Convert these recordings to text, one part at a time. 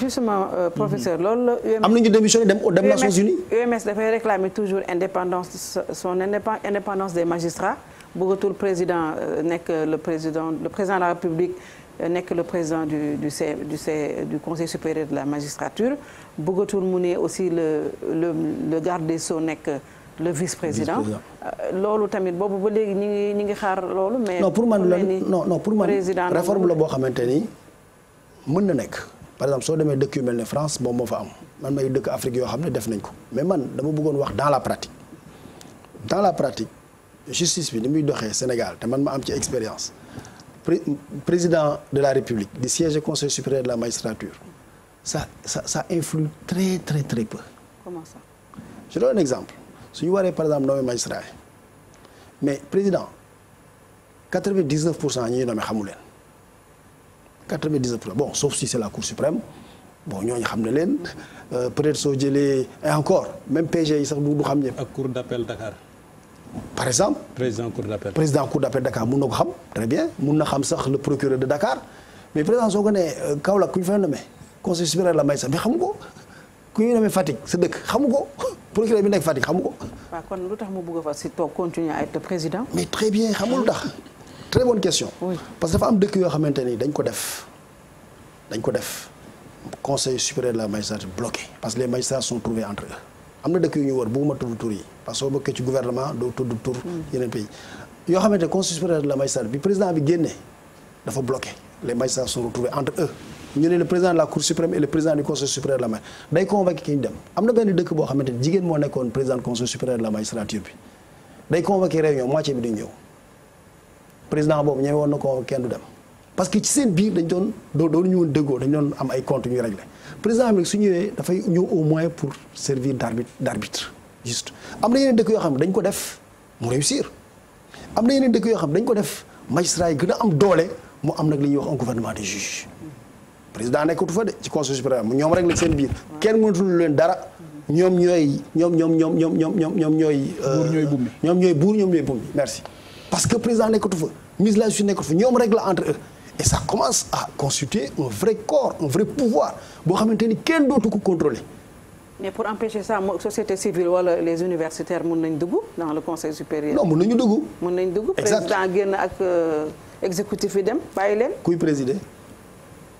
justement euh, professeur mhm. loolu a am nañu démissionné dem dem Nations Unies. UMS devait réclamer toujours indépendance son indépendance des magistrats bëggatul président euh, le président le président de la République. que euh, le président du du du C du conseil supérieur de la magistrature bëggatul mu aussi le le le garde des Sceaux que le vice-président. loolu tamit boobu ba léegi ñu ngi mais non pour man non non pour man réforme la boo xamante ni mën na par exemple si demee dëkk des documents de France bon, moo fa am man may Afrique je ne def nañ ko mais moi, dama bëggoon dans la pratique dans la pratique justice bi ni muy Sénégal je man ma expérience président de la République sièges siège conseil supérieur de la magistrature ça ça ça influe très très très peu. comment ça. je donne un exemple Si vous voyez par exemple nommé magistrat mais président 99%. vingt dix neuf pour ñi 99 bon sauf si c'est la Cour suprême bon nous xam leen euh, et encore même PG Cour d'appel Dakar. par exemple. président Cour d'appel président Cour d'appel Dakar très bien il le procureur de Dakar mais président il euh, conseil supérieur la Maïsa. mais il ku ñu Fatick sa procureur à être président. mais très bien très bonne question. Oui. parce que dafa am dëkk yoo xamante dañ ko def dañ ko def conseil supérieur de la magistrature bloqué parce que les magistrats sont trouvés entre eux. Amna na dëkk yu ñu wër buuma tudd tour yi parce que soo ci gouvernement do tudd tour hmm. yeneen pays Yo xamanteni conseil supérieur de la magistrature bi président bi génné dafa bloqué les magistrats sont retrouvés entre eux ñu ne le président de la cour suprême et le président du conseil supérieur de la magistrature day convoqué ki ñu dem am na benn dëkk boo xamante ne jigéen moo président conseil supérieur de la magistrature bi day convoqué réunion moitié bi duñ président a dit kenn du dem parce que ci seen biir dañ doon doon ñu d'ego, dañ doon am ay président su da fay ñëw au moins pour servir d'arbitre. juste am na yeneen dëkk xam réussir am na yeneen dëkk xam dañ ko def magistrat yi am mu am li wax un gouvernement de juge président nekkatu fa de ci conseil supérieur mu ñoom rek la seen biir kenn mënatul leen dara ñoom ñooy merci parce que président nekkatu fa ministre de la n'est nekkatu fa ñoom entre eux et ça commence à constituer un vrai corps un vrai pouvoir pour maintenir ni d'autre que ko contrôler mais pour empêcher ça la société civile wala les universitaires ils nañ dans le conseil supérieur. non mun nañu dugg. mun nañ dugg président génn ak euh, exécutif yi dem bàyyi Qui présider.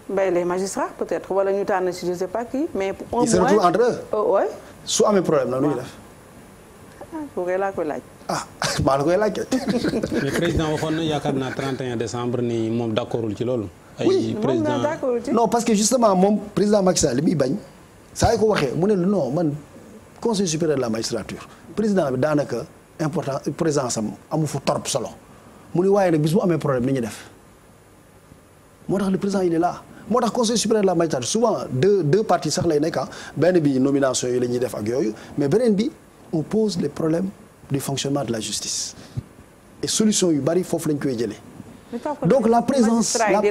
bàyyi les magistrats peut-être wala ñu tànn je sais pas qui mais. on moins ils se retrouvent entre eux. Euh, oui. su problème problèmes, le ah président il 31 décembre ni mon d'accord ci non parce que justement mon président Macky Sall est bañ conseil supérieur de la magistrature président important présence problème le président il est là. moi conseil supérieur de la magistrature souvent deux parties sax lay ah. nomination mais on pose les problèmes du fonctionnement de la justice et solution il faut faut donc la présence ça va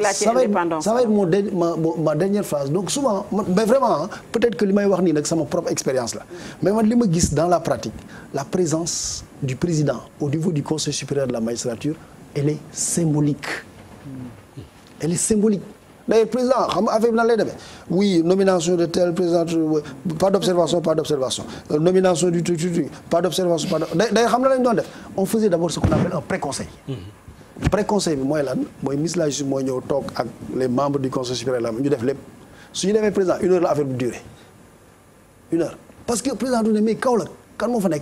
être ma dernière phrase donc souvent vraiment hein, peut-être que les maillots, c'est ma propre expérience là. mais moi, je me dans la pratique la présence du président au niveau du conseil supérieur de la magistrature elle est symbolique elle est symbolique le président xam affaire oui nomination de tel président pas d'observation, pas d'observation. Euh, nomination du tout, pas tout, pas d'observation, day xam on faisait d'abord ce qu'on appelle un pré-conseil mm-hmm. pré-conseil bi mooy lan la justice les membres du conseil supérieur Si ñu def lépp président une heure la affaire bi une heure parce que le président du ne mais quand kan moo fa qui,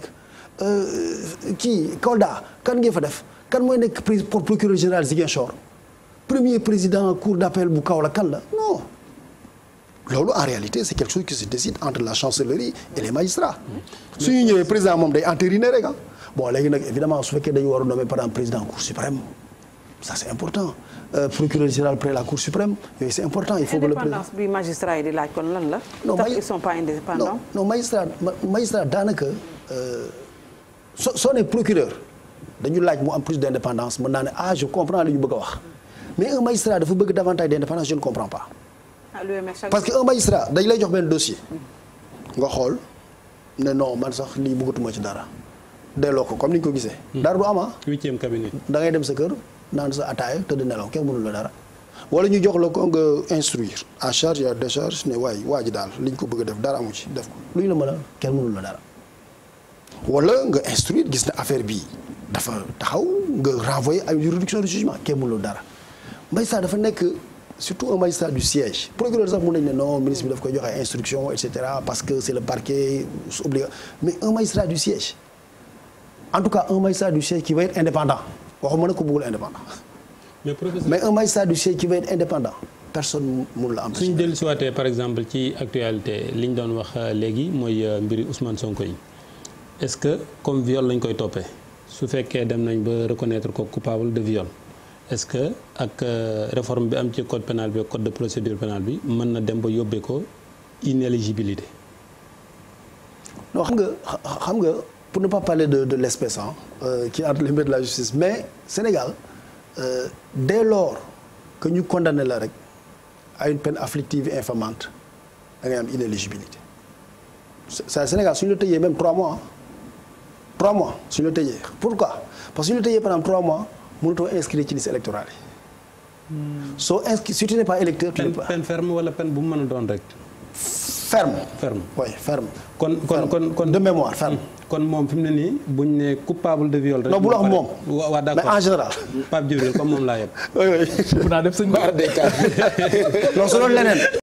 euh, kii Kolda kan ngeen fa def kan pour nekk pour procureur général Ziguinchor premier président en cour d'appel bu Kaolack non en réalité c'est quelque chose qui se décide entre la chancellerie et les magistrats Si avez président vous day entériner ah. bon évidemment su souhaite dañu président nommé par un président cour suprême ça c'est important euh, procureur général près la cour suprême c'est important il faut que le président L'indépendance ne magistrat et de la lan la. non sont pas indépendants. non non magistrat magistrat euh, Son procureur dañu laaj plus d'indépendance. ah je comprends ce que vous mais un magistrat vous bëgg davantage d'indépendance je ne comprends pas. Ah, parce que un magistrat il a jox dossier. nga a ne non man sax ci dara. comme ni ko hmm. a du 8e ah. cabinet. da ngay dem sa est dans sa ataaya la dara. wala ñu jox instruire à charge et à décharge ne waay waa ji ko a dara amu ci def ko la Il a le dara. instruire à une de jugement mais magistrat c'est que surtout un magistrat du siège procureur sax mun nañu non ministre doit avoir koy joxe instruction parce que c'est le parquet obligatoire mais un magistrat du siège en tout cas un magistrat du siège qui va être indépendant Je ne pas indépendant. mais mais un magistrat du siège qui va être indépendant personne ne la Si vous dellu par exemple qui actualité li ñu doon euh, moi euh, mbiri Ousmane Sonko est ce que comme viol lañ koy topé, su que dem nañ ba reconnaître coupable de viol est-ce que la euh, réforme du code pénal le code de procédure pénale bi y a dem inéligibilité. pour ne pas parler de l'espèce hein, euh, qui est entre les mains de la justice mais Sénégal euh, dès lors que nous condamnons la règle à une peine afflictive et infamante y a une inéligibilité. ça Sénégal Si le tëjee même trois mois hein, trois mois si le tëjee pourquoi parce que si nous tëjee pendant trois mois mënutoo inscrire ci liste électorale So inscrit si tu n'es pas électeur. tu n'es pas peine ferme wala peine bu mu mën a ferme ferme oui ferme. kon kon kon kon de mémoire ferme. Hmm. kon mon fi mu ne buñ coupable de viol. rek non bu la wax d'accord mais en général. Pape Djibril comme moom laa yëpp. oui oui. def suñu. non su doon leneen.